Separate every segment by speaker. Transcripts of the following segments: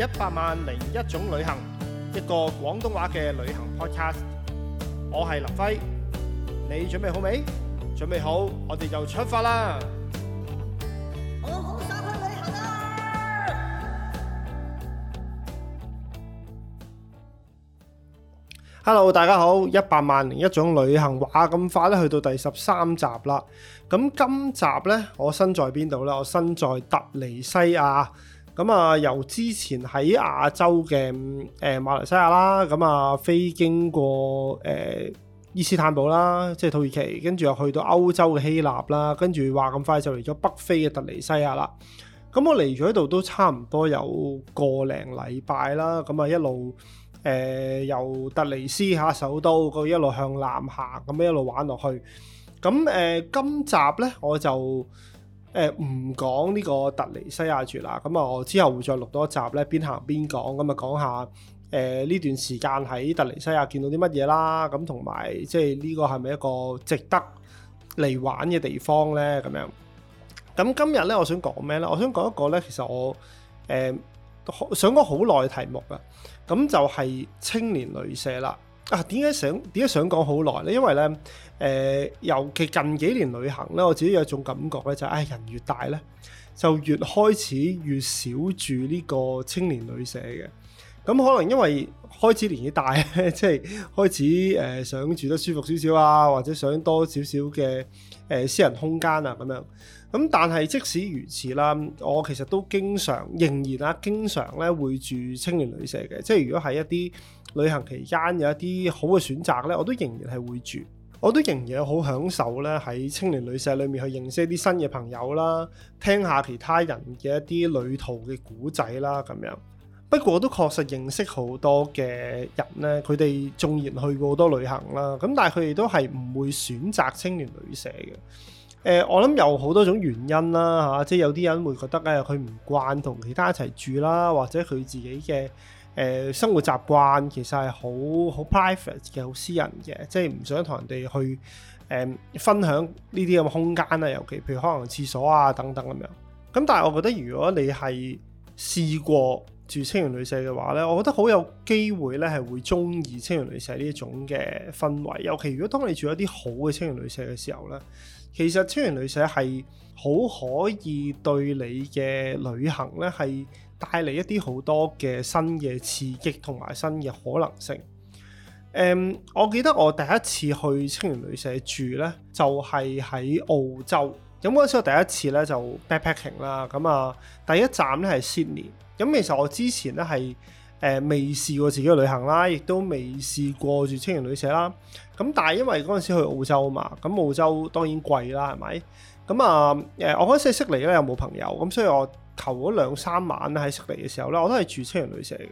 Speaker 1: 一百萬零一種旅行，一個廣東話嘅旅行 podcast。我係林輝，你準備好未？準備好，我哋就出發啦！我好想去旅行啊！Hello，大家好，一百萬零一種旅行話咁快咧，去到第十三集啦。咁今集咧，我身在邊度咧？我身在突尼西亞。咁啊、嗯，由之前喺亞洲嘅誒、呃、馬來西亞啦，咁啊飛經過誒、呃、伊斯坦堡啦，即係土耳其，跟住又去到歐洲嘅希臘啦，跟住話咁快就嚟咗北非嘅特尼西亞啦。咁、嗯、我嚟咗呢度都差唔多有個零禮拜啦。咁、嗯、啊一路誒、呃、由特尼斯下首都，一路向南行，咁一路玩落去。咁、嗯、誒、呃、今集呢我就～誒唔、呃、講呢個突尼西亞住啦，咁啊我之後會再錄多集咧，邊行邊講，咁、嗯、啊講下誒呢、呃、段時間喺突尼西亞見到啲乜嘢啦，咁同埋即係呢、這個係咪一個值得嚟玩嘅地方咧？咁樣咁今日咧我想講咩咧？我想講一個咧，其實我誒、呃、想講好耐嘅題目啊，咁就係青年旅舍啦。啊！點解想點解想講好耐咧？因為咧，誒、呃，尤其近幾年旅行咧，我自己有一種感覺咧、就是，就、哎、係人越大咧，就越開始越少住呢個青年旅舍嘅。咁、嗯、可能因為開始年紀大咧， 即係開始誒、呃、想住得舒服少少啊，或者想多少少嘅誒私人空間啊咁樣。咁、嗯、但係即使如此啦，我其實都經常仍然啊，經常咧會住青年旅舍嘅。即係如果係一啲。旅行期間有一啲好嘅選擇呢，我都仍然係會住，我都仍然好享受咧喺青年旅舍裏面去認識一啲新嘅朋友啦，聽下其他人嘅一啲旅途嘅故仔啦咁樣。不過我都確實認識好多嘅人呢，佢哋縱然去過好多旅行啦，咁但係佢哋都係唔會選擇青年旅舍嘅。誒、呃，我諗有好多種原因啦嚇、啊，即係有啲人會覺得咧、啊，佢唔慣同其他一齊住啦，或者佢自己嘅。誒、呃、生活習慣其實係好好 private 嘅，好私人嘅，即係唔想同人哋去誒、呃、分享呢啲咁嘅空間啊。尤其譬如可能廁所啊等等咁樣。咁但係我覺得如果你係試過住青年旅舍嘅話咧，我覺得好有機會咧係會鍾意青年旅舍呢一種嘅氛圍。尤其如果你當你住一啲好嘅青年旅舍嘅時候咧。其實青年旅舍係好可以對你嘅旅行咧，係帶嚟一啲好多嘅新嘅刺激同埋新嘅可能性。誒、嗯，我記得我第一次去青年旅舍住咧，就係、是、喺澳洲。咁、嗯、嗰時我第一次咧就 backpacking 啦，咁、嗯、啊第一站咧係 Sydney，咁其實我之前咧係。誒未、呃、試過自己嘅旅行啦，亦都未試過住青年旅社啦。咁但係因為嗰陣時去澳洲嘛，咁澳洲當然貴啦，係咪？咁啊誒，我嗰陣時喺悉尼咧有冇朋友，咁、嗯、所以我頭兩三晚喺悉尼嘅時候咧，我都係住青年旅社嘅。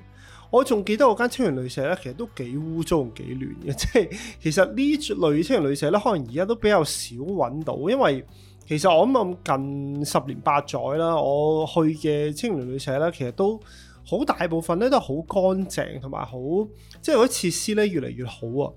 Speaker 1: 我仲記得我間青年旅社咧，其實都幾污糟、幾亂嘅。即係其實呢類青年旅社咧，可能而家都比較少揾到，因為其實我諗近十年八載啦，我去嘅青年旅社咧，其實都。好大部分咧都係好乾淨同埋好，即係嗰啲設施咧越嚟越好啊！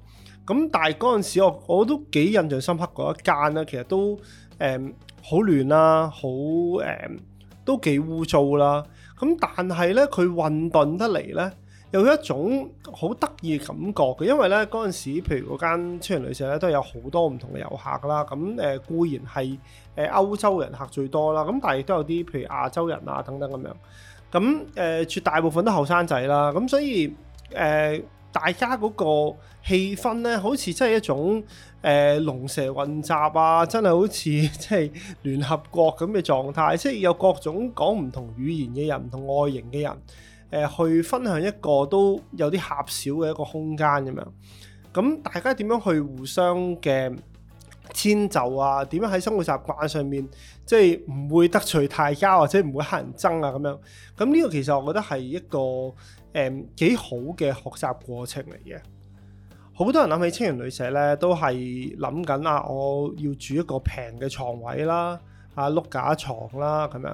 Speaker 1: 咁但係嗰陣時我我都幾印象深刻嗰一間啦，其實都誒好、嗯、亂啦、啊，好誒、嗯、都幾污糟啦。咁但係咧佢混沌得嚟咧有一種好得意嘅感覺嘅，因為咧嗰陣時譬如嗰間青年旅舍咧都有好多唔同嘅遊客啦。咁誒、呃、固然係誒、呃、歐洲人客最多啦，咁但係亦都有啲譬如亞洲人啊等等咁樣。咁誒、呃，絕大部分都後生仔啦，咁所以誒、呃，大家嗰個氣氛咧，好似真係一種誒、呃、龍蛇混雜啊，真係好似即係聯合國咁嘅狀態，即係有各種講唔同語言嘅人、唔同外形嘅人，誒、呃、去分享一個都有啲狹小嘅一個空間咁樣。咁大家點樣去互相嘅遷就啊，點樣喺生活習慣上面，即係唔會得罪大家，或者唔會乞人憎啊咁樣。咁呢個其實我覺得係一個誒幾、嗯、好嘅學習過程嚟嘅。好多人諗起青年旅舍咧，都係諗緊啊，我要住一個平嘅床位啦，啊碌架床啦咁樣。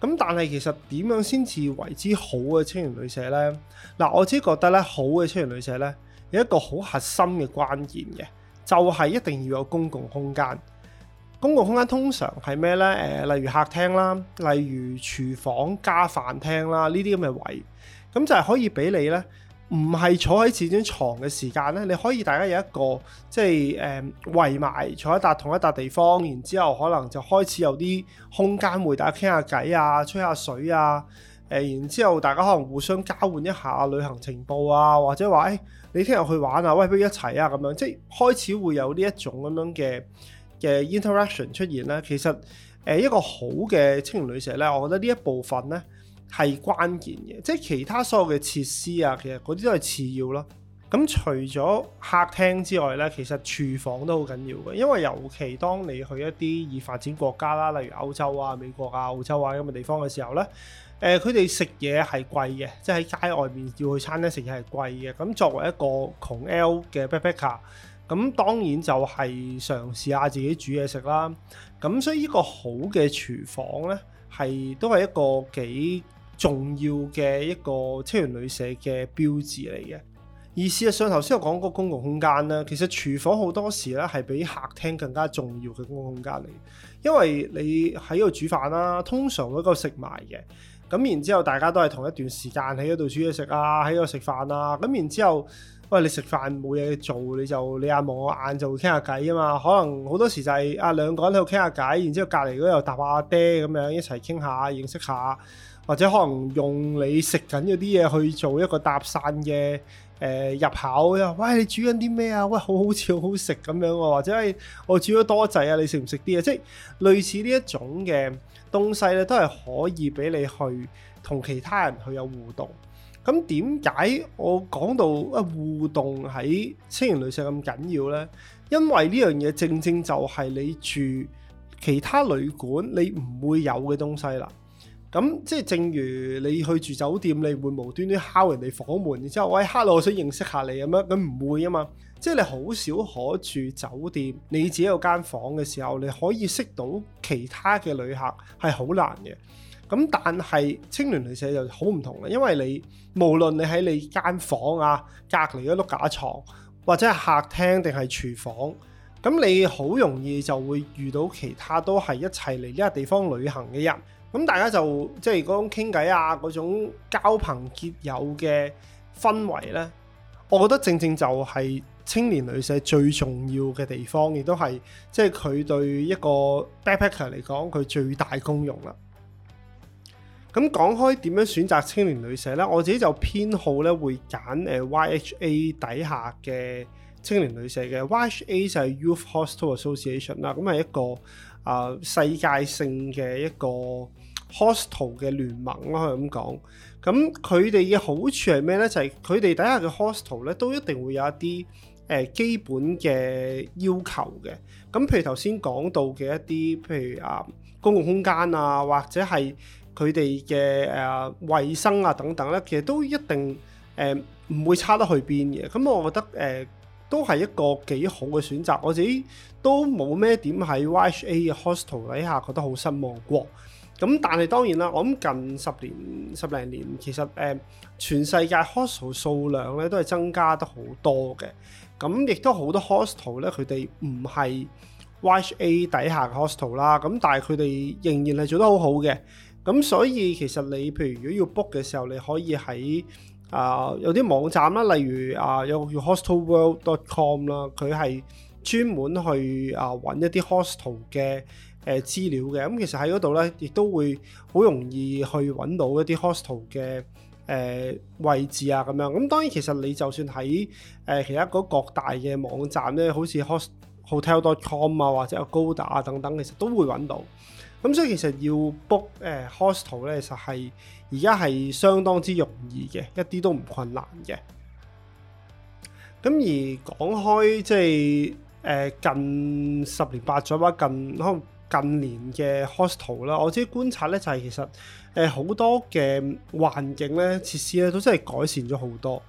Speaker 1: 咁但係其實點樣先至為之好嘅青年旅舍咧？嗱、啊，我自己覺得咧，好嘅青年旅舍咧，有一個好核心嘅關鍵嘅。就係一定要有公共空間，公共空間通常係咩呢？誒、呃，例如客廳啦，例如廚房加飯廳啦，呢啲咁嘅位，咁就係可以俾你呢，唔係坐喺自己張床嘅時間呢。你可以大家有一個即係誒、呃、圍埋坐一笪同一笪地方，然之後可能就開始有啲空間會大家傾下偈啊，吹下水啊，誒，然之後大家可能互相交換一下旅行情報啊，或者話誒。哎你聽日去玩啊，喂，不如一齊啊咁樣，即係開始會有呢一種咁樣嘅嘅 interaction 出現咧。其實誒、呃、一個好嘅青年旅舍咧，我覺得呢一部分咧係關鍵嘅，即係其他所有嘅設施啊，其實嗰啲都係次要咯。咁除咗客廳之外咧，其實廚房都好緊要嘅，因為尤其當你去一啲已發展國家啦，例如歐洲啊、美國啊、澳洲啊咁嘅地方嘅時候咧。誒佢哋食嘢係貴嘅，即係喺街外面要去餐廳食嘢係貴嘅。咁、嗯、作為一個窮 L 嘅 backpacker，咁、嗯、當然就係嘗試下自己煮嘢食啦。咁、嗯、所以呢個好嘅廚房咧，係都係一個幾重要嘅一個青年旅舍嘅標誌嚟嘅。而事實上頭先我講個公共空間咧，其實廚房好多時咧係比客廳更加重要嘅公共空間嚟，因為你喺度煮飯啦，通常會夠食埋嘅。咁然之後，大家都係同一段時間喺度煮嘢食啊，喺度食飯啊。咁然之後，喂，你食飯冇嘢做，你就你眼望我眼就傾下偈啊嘛。可能好多時就係阿兩個人喺度傾下偈，然之後隔離嗰度搭下阿爹咁樣一齊傾下認識下，或者可能用你食緊嗰啲嘢去做一個搭訕嘅誒、呃、入口啊。喂，你煮緊啲咩啊？喂，好好似好好食咁樣，或者係我煮咗多仔啊，你食唔食啲啊？即係類似呢一種嘅。東西咧都係可以俾你去同其他人去有互動。咁點解我講到啊互動喺青年旅舍咁緊要呢？因為呢樣嘢正正就係你住其他旅館你唔會有嘅東西啦。咁即係正如你去住酒店，你會無端端敲人哋房門，然之後喂 hello，我想認識下你咁樣，咁唔會啊嘛。即係你好少可住酒店，你自己有間房嘅時候，你可以識到其他嘅旅客係好難嘅。咁但係青年旅舍就好唔同啦，因為你無論你喺你間房啊、隔離嗰碌架床，或者係客廳定係廚房，咁你好容易就會遇到其他都係一齊嚟呢個地方旅行嘅人。咁大家就即係嗰種傾偈啊，嗰種交朋結友嘅氛圍呢，我覺得正正就係、是。青年旅舍最重要嘅地方，亦都係即係佢對一個 backpacker 嚟講，佢最大功用啦。咁講開點樣選擇青年旅舍呢？我自己就偏好咧會揀誒 YHA 底下嘅青年旅舍嘅。YHA 就係 Youth Hostel Association 啦，咁係一個啊、呃、世界性嘅一個 hostel 嘅聯盟咯。可以咁講，咁佢哋嘅好處係咩呢？就係佢哋底下嘅 hostel 咧，都一定會有一啲。誒基本嘅要求嘅，咁譬如頭先講到嘅一啲，譬如啊公共空間啊，或者係佢哋嘅誒衞生啊等等咧，其實都一定誒唔、呃、會差得去邊嘅。咁我覺得誒、呃、都係一個幾好嘅選擇。我自己都冇咩點喺 YHA 嘅 hostel 底下覺得好失望過。咁但係當然啦，我諗近十年十零年，其實誒、呃、全世界 hostel 數量咧都係增加得好多嘅。咁亦都好多 hostel 咧，佢哋唔係 YHA 底下嘅 hostel 啦。咁但係佢哋仍然係做得好好嘅。咁所以其實你譬如如果要 book 嘅時候，你可以喺啊、呃、有啲網站啦，例如啊、呃、有個叫 hostelworld.com 啦，佢係專門去啊揾、呃、一啲 hostel 嘅。誒、呃、資料嘅咁、嗯、其實喺嗰度咧，亦都會好容易去揾到一啲 hostel 嘅誒、呃、位置啊咁樣。咁、嗯、當然其實你就算喺誒、呃、其他各大嘅網站咧，好似 hotel.com 啊或者有 Agoda 啊等等，其實都會揾到。咁、嗯、所以其實要 book 誒、呃、hostel 咧，其實係而家係相當之容易嘅，一啲都唔困難嘅。咁而講開即係誒近十年八載啦，近可能。近年嘅 hostel 啦，我自己觀察咧就係其實誒好多嘅環境咧設施咧都真係改善咗好多。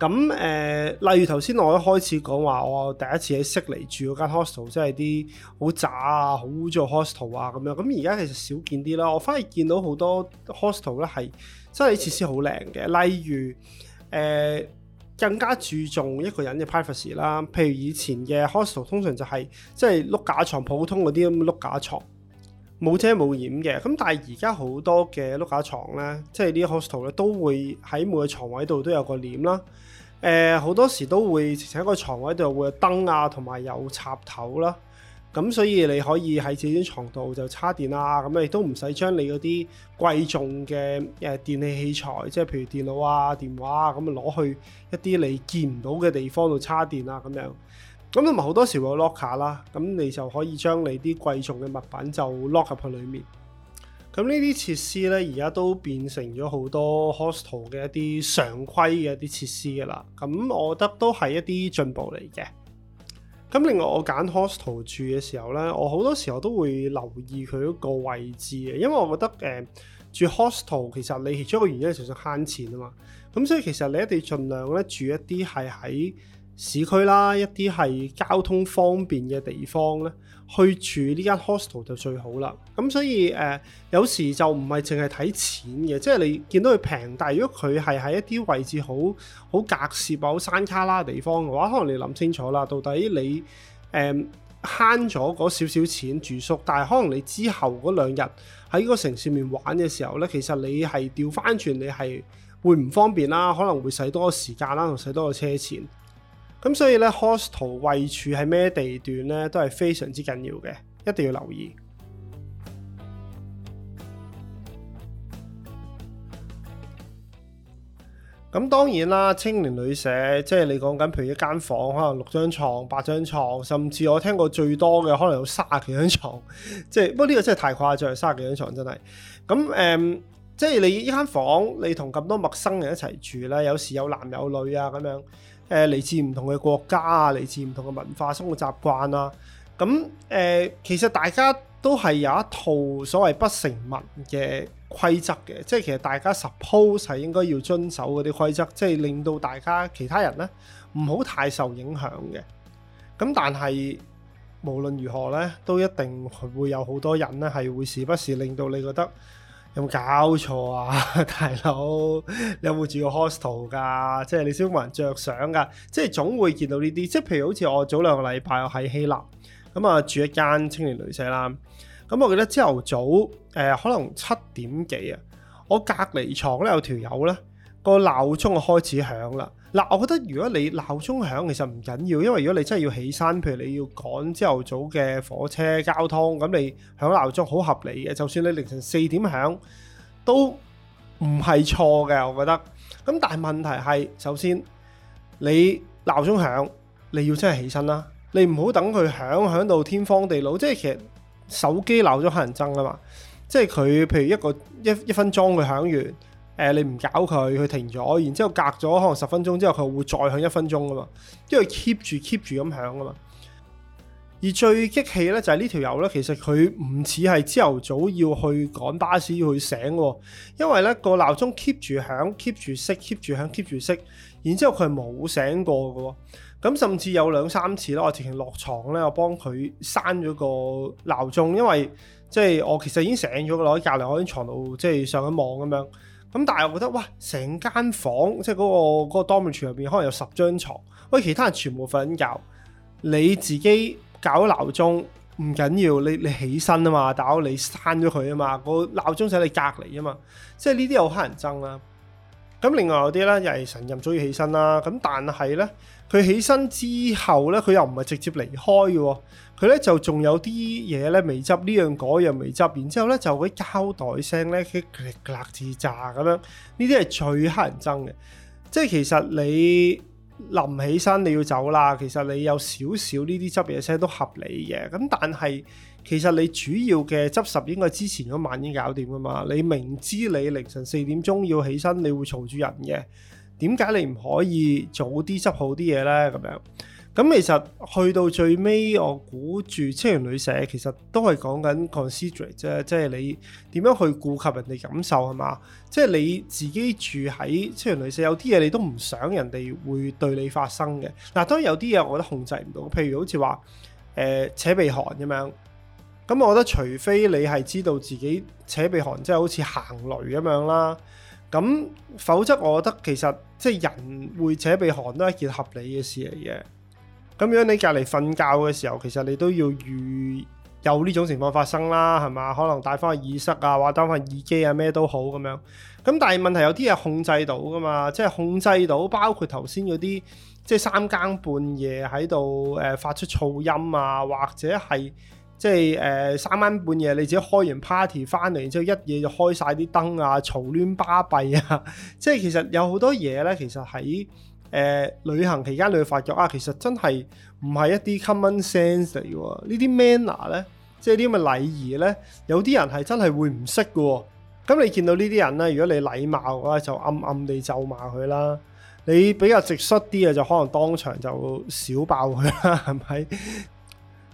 Speaker 1: 咁誒、呃，例如頭先我一開始講話我第一次喺悉尼住嗰間 hostel，真係啲好渣啊，好污糟 hostel 啊咁樣。咁而家其實少見啲啦，我反而見到好多 hostel 咧係真係啲設施好靚嘅，例如誒。呃更加注重一個人嘅 privacy 啦，譬如以前嘅 hostel 通常就係、是、即係碌架床普通嗰啲咁碌架床，冇遮冇掩嘅。咁但係而家好多嘅碌架床咧，即係啲 hostel 咧都會喺每個床位度都有個簾啦。誒、呃，好多時都會直情喺個床位度會有燈啊，同埋有插頭啦、啊。咁所以你可以喺自己床度就插電啦。咁你都唔使將你嗰啲貴重嘅誒電器器材，即係譬如電腦啊、電話啊，咁啊攞去一啲你見唔到嘅地方度插電啊，咁樣。咁同埋好多時會有 locker 啦，咁你就可以將你啲貴重嘅物品就 lock 入去裡面。咁呢啲設施咧，而家都變成咗好多 hostel 嘅一啲常規嘅一啲設施噶啦。咁我覺得都係一啲進步嚟嘅。咁另外我揀 hostel 住嘅時候咧，我好多時候都會留意佢個位置嘅，因為我覺得誒、呃、住 hostel 其實你其中一個原因就係慳錢啊嘛，咁所以其實你一定盡量咧住一啲係喺。市區啦，一啲係交通方便嘅地方咧，去住呢間 hostel 就最好啦。咁所以誒、呃，有時就唔係淨係睇錢嘅，即係你見到佢平，但係如果佢係喺一啲位置好好隔涉、好山卡拉嘅地方嘅話，可能你諗清楚啦，到底你誒慳咗嗰少少錢住宿，但係可能你之後嗰兩日喺個城市面玩嘅時候咧，其實你係調翻轉，你係會唔方便啦，可能會使多個時間啦，同使多個車錢。咁所以咧 hostel 位處喺咩地段咧，都係非常之緊要嘅，一定要留意。咁 當然啦，青年旅舍即係你講緊，譬如一間房可能六張床、八張床，甚至我聽過最多嘅可能有三十幾張床。即 係、就是、不過呢個真係太誇張，三十幾張床真係。咁誒。嗯即係你呢間房間，你同咁多陌生人一齊住啦，有時有男有女啊，咁樣，誒、呃、嚟自唔同嘅國家啊，嚟自唔同嘅文化生活習慣啊。咁、嗯、誒、呃，其實大家都係有一套所謂不成文嘅規則嘅，即係其實大家 suppose 係應該要遵守嗰啲規則，即係令到大家其他人咧唔好太受影響嘅。咁、嗯、但係無論如何咧，都一定會有好多人咧係會時不時令到你覺得。有冇搞錯啊，大佬？你有冇住過 hostel 㗎？即係你先冇人着想㗎，即係總會見到呢啲。即係譬如好似我早兩個禮拜我喺希臘，咁、嗯、啊住一間青年旅舍啦。咁、嗯、我記得朝頭早誒、呃、可能七點幾啊，我隔離牀咧有條友啦。個鬧鐘開始響啦！嗱、啊，我覺得如果你鬧鐘響，其實唔緊要，因為如果你真係要起身，譬如你要趕朝頭早嘅火車交通，咁你響鬧鐘好合理嘅。就算你凌晨四點響都唔係錯嘅，我覺得。咁但係問題係，首先你鬧鐘響，你要真係起身啦。你唔好等佢響響到天荒地老，即係其實手機鬧鐘乞人憎啊嘛！即係佢譬如一個一一分鐘佢響完。誒、呃，你唔搞佢，佢停咗，然之後隔咗可能十分鐘之後，佢會再響一分鐘噶嘛，因為 keep 住 keep 住咁響噶嘛。而最激氣咧就係呢條友咧，這個、其實佢唔似係朝頭早要去趕巴士要去醒，因為咧個鬧鐘 keep 住響，keep 住熄，keep 住響，keep 住熄，alarms。然之後佢係冇醒過噶，咁、呃、甚至有兩三次啦，我直情落床咧，我幫佢刪咗個鬧鐘，因為即係我其實已經醒咗噶啦，隔籬我喺床度即係上緊網咁樣。咁但係我覺得，哇！成間房即係嗰個嗰個 dormitory 入邊可能有十張床，喂，其他人全部瞓緊覺，你自己搞鬧鐘唔緊要，你你起身啊嘛，大佬你閂咗佢啊嘛，個鬧鐘喺你隔離啊嘛，即係呢啲又好乞人憎啦。咁另外有啲咧又係晨早要起身啦，咁但係咧佢起身之後咧佢又唔係直接離開嘅、哦。佢咧就仲有啲嘢咧未執，呢樣嗰樣未執，然之後咧就啲膠袋聲咧，佢佢哋炸咁樣，呢啲係最乞人憎嘅。即係其實你臨起身你要走啦，其實你有少少呢啲執嘢聲都合理嘅。咁但係其實你主要嘅執拾應該之前嗰晚已經搞掂噶嘛。你明知你凌晨四點鐘要起身，你會嘈住人嘅，點解你唔可以早啲執好啲嘢咧？咁樣。咁其實去到最尾，我估住青年旅舍其實都係講緊 Concentrate 啫，即係你點樣去顧及人哋感受係嘛？即係你自己住喺青年旅舍，有啲嘢你都唔想人哋會對你發生嘅。嗱，當然有啲嘢我覺得控制唔到，譬如好似話誒扯鼻鼾咁樣。咁我覺得除非你係知道自己扯鼻鼾即係好似行雷咁樣啦。咁否則我覺得其實即係人會扯鼻鼾都係一件合理嘅事嚟嘅。咁樣你隔籬瞓覺嘅時候，其實你都要預有呢種情況發生啦，係嘛？可能戴翻個耳塞啊，或戴翻耳機啊，咩都好咁樣。咁但係問題有啲嘢控制到噶嘛？即係控制到，包括頭先嗰啲，即係三更半夜喺度誒發出噪音啊，或者係即係誒、呃、三更半夜你自己開完 party 翻嚟，之後一夜就開晒啲燈啊，嘈亂巴閉啊。即係其實有好多嘢咧，其實喺～誒、呃、旅行期間你會發覺啊，其實真係唔係一啲 common sense 嚟嘅喎，呢啲 manner 咧，即係啲咁嘅禮儀咧，有啲人係真係會唔識嘅。咁你見到呢啲人咧，如果你禮貌嘅話，就暗暗地咒罵佢啦。你比較直率啲嘅，就可能當場就小爆笑爆佢啦，係咪？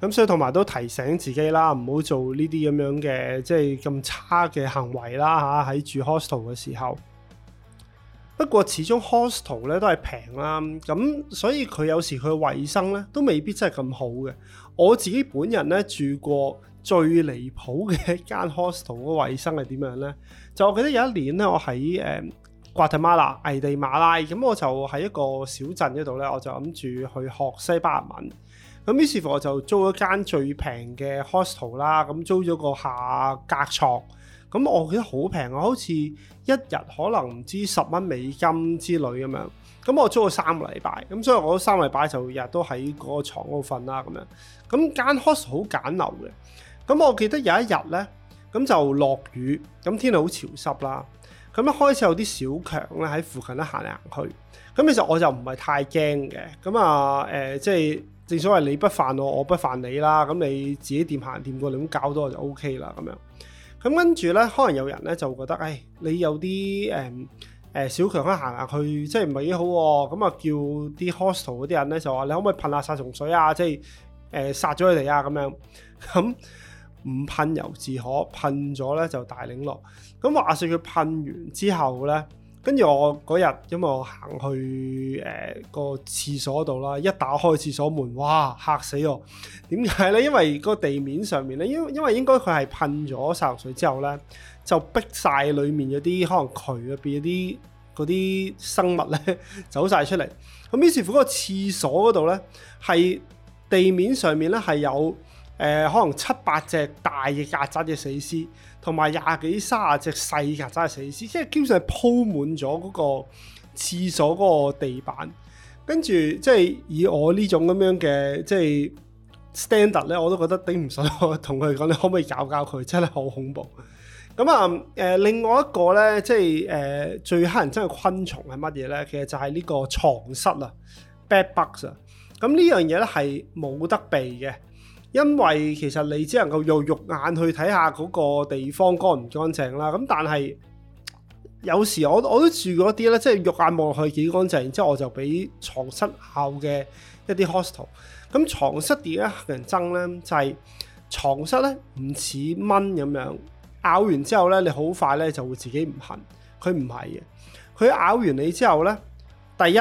Speaker 1: 咁所以同埋都提醒自己啦，唔好做呢啲咁樣嘅，即係咁差嘅行為啦嚇。喺、啊、住 hostel 嘅時候。不過始終 hostel 咧都係平啦，咁、嗯、所以佢有時佢嘅衞生咧都未必真係咁好嘅。我自己本人咧，住過最離譜嘅一間 hostel 個衞生係點樣咧？就我記得有一年咧，我喺誒瓜地馬拉危地馬拉，咁、嗯、我就喺一個小鎮嗰度咧，我就諗住去學西班牙文。咁、嗯、於是乎我就租咗間最平嘅 hostel 啦，咁、嗯、租咗個下格牀。咁我記得好平啊，好似一日可能唔知十蚊美金之類咁樣。咁我租咗三個禮拜，咁所以我三個禮拜就日都喺個牀度瞓啦咁樣。咁間 hostel 好簡陋嘅。咁我記得有一日咧，咁就落雨，咁天氣好潮濕啦。咁一開始有啲小強咧喺附近咧行嚟行去。咁其實我就唔係太驚嘅。咁啊誒，即、呃、係、就是、正所謂你不犯我，我不犯你啦。咁你自己掂行掂過你咁搞多我就 O K 啦咁樣。咁跟住咧，可能有人咧就覺得，誒、哎，你有啲誒誒小強咧行下去，即係唔係幾好喎、哦？咁、嗯、啊叫啲 hostel 嗰啲人咧就話，你可唔可以噴下殺蟲水啊？即係誒、呃、殺咗佢哋啊咁樣。咁、嗯、唔噴又自可，噴咗咧就大檸樂。咁、嗯、話説佢噴完之後咧。跟住我嗰日，因為我行去誒、呃嗰個廁所度啦，一打開廁所門，哇！嚇死我！點解咧？因為個地面上面咧，因因為應該佢係噴咗殺毒水之後咧，就逼晒裡面嗰啲可能渠入邊嗰啲啲生物咧走晒出嚟。咁於是乎嗰個廁所嗰度咧，係地面上面咧係有。誒、呃、可能七八隻大嘅曱甴嘅死屍，同埋廿幾、卅隻細曱甴嘅死屍，即係基本上係鋪滿咗嗰個廁所嗰個地板。跟住即係以我這種這呢種咁樣嘅即係 standard 咧，我都覺得頂唔順。我同佢講：你可唔可以搞搞佢？真係好恐怖。咁啊誒，另外一個咧，即係誒、呃、最黑人憎嘅昆蟲係乜嘢咧？其實就係呢個床蝨啊，bed bugs 啊。咁呢樣嘢咧係冇得避嘅。因為其實你只能夠用肉眼去睇下嗰個地方乾唔乾淨啦，咁但係有時我我都住過一啲咧，即係肉眼望落去幾乾淨，然之後我就俾床蝨咬嘅一啲 hostel。咁、嗯、床蝨點解人憎咧？就係、是、床蝨咧唔似蚊咁樣咬完之後咧，你好快咧就會自己唔痕。佢唔係嘅，佢咬完你之後咧，第一。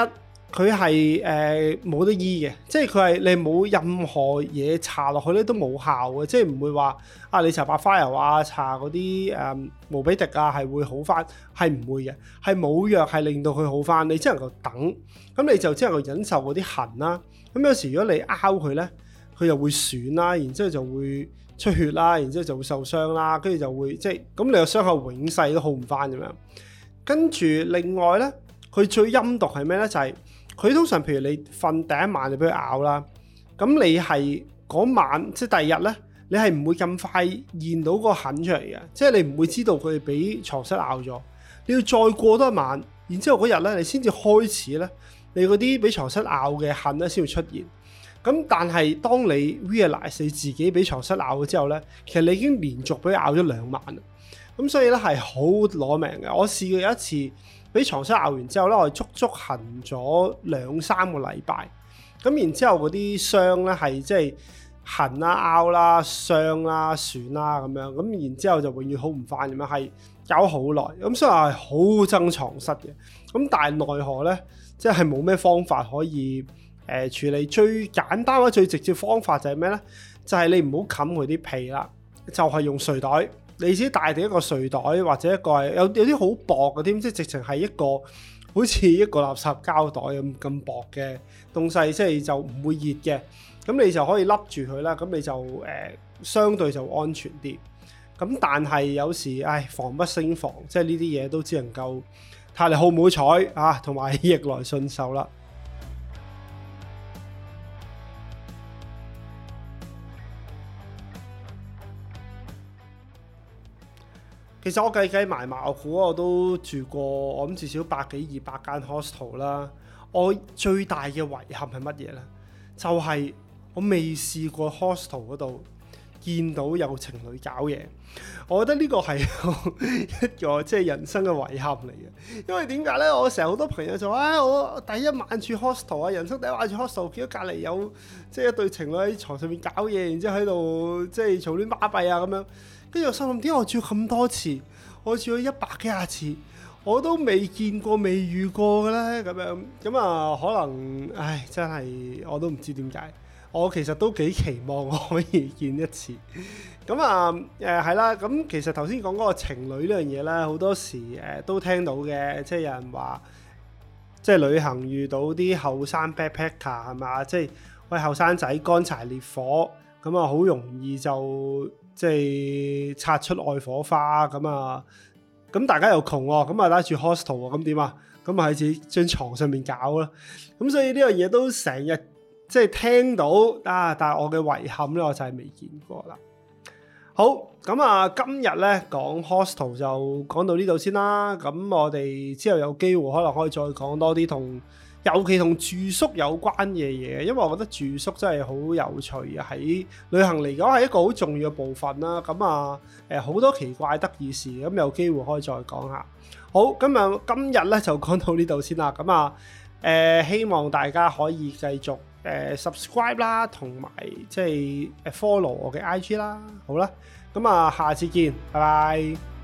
Speaker 1: 佢係誒冇得醫嘅，即係佢係你冇任何嘢搽落去咧都冇效嘅，即係唔會話啊你搽白花油啊，搽嗰啲誒無比滴啊係會好翻，係唔會嘅，係冇藥係令到佢好翻，你只能夠等，咁你就只能夠忍受嗰啲痕啦。咁有時如果你拗佢咧，佢又會損啦、啊，然之後就會出血啦、啊，然之後就會受傷啦、啊，跟住就會即係咁你個傷口永世都好唔翻咁樣。跟住另外咧，佢最陰毒係咩咧？就係、是。佢通常，譬如你瞓第一晚你俾佢咬啦，咁你係嗰晚即係第二日咧，你係唔會咁快現到個痕出嚟嘅，即係你唔會知道佢係俾床虱咬咗。你要再過多一晚，然之後嗰日咧，你先至開始咧，你嗰啲俾床虱咬嘅痕咧先會出現。咁但係當你 realize 你自己俾床虱咬咗之後咧，其實你已經連續俾佢咬咗兩晚啦。咁所以咧係好攞命嘅。我試過有一次。俾牀虱咬完之後咧，我哋足足痕咗兩三個禮拜。咁然之後嗰啲傷咧係即係痕啦、拗啦、啊、傷啦、啊、損啦咁樣。咁然之後就永遠好唔翻咁樣，係搞好耐。咁所以話係好憎牀虱嘅。咁但係奈何咧，即係冇咩方法可以誒、呃、處理。最簡單或者最直接方法就係咩咧？就係、是、你唔好冚佢啲被啦，就係、是、用睡袋。你只帶定一個睡袋，或者一個係有有啲好薄嘅添，即係直情係一個好似一個垃圾膠袋咁咁薄嘅東西，即係就唔會熱嘅。咁你就可以笠住佢啦。咁你就誒、呃、相對就安全啲。咁但係有時誒防不勝防，即係呢啲嘢都只能夠睇你好唔好彩啊，同埋逆來順受啦。其實我計計埋埋，我估我都住過，我諗至少百幾二百間 hostel 啦。我最大嘅遺憾係乜嘢咧？就係、是、我未試過 hostel 嗰度見到有情侶搞嘢。我覺得呢個係一個即係、就是、人生嘅遺憾嚟嘅。因為點解咧？我成日好多朋友就話啊，我第一晚住 hostel 啊，人生第一晚住 hostel 見到隔離有即係、就是、一對情侶喺床上面搞嘢，然之後喺度即係嘈亂巴閉啊咁樣。呢個心諗，點解我住咗咁多次，我住咗一百幾廿次，我都未見過、未遇過嘅咧。咁樣咁啊，可能唉，真係我都唔知點解。我其實都幾期望我可以見一次。咁啊，誒、嗯、係、嗯、啦。咁其實頭先講嗰個情侶呢樣嘢咧，好多時誒、嗯、都聽到嘅，即係有人話，即係旅行遇到啲後生 backpacker 係咪啊？即係喂後生仔乾柴烈火，咁啊好容易就～即係擦出愛火花咁啊！咁大家又窮喎，咁啊拉住 hostel 啊，咁點啊？咁啊喺自己張床上面搞啦！咁所以呢樣嘢都成日即係聽到啊，但係我嘅遺憾咧，我就係未見過啦。好，咁啊今日咧講 hostel 就講到呢度先啦。咁我哋之後有機會可能可以再講多啲同。尤其同住宿有關嘅嘢，因為我覺得住宿真係好有趣啊！喺旅行嚟講係一個好重要嘅部分啦。咁啊，誒好多奇怪得意事，咁有機會可以再講下。好，咁啊今日咧就講到呢度先啦。咁啊，誒、呃、希望大家可以繼續誒 subscribe、呃、啦，同埋即係 follow 我嘅 IG 啦。好啦，咁啊下次見，拜拜。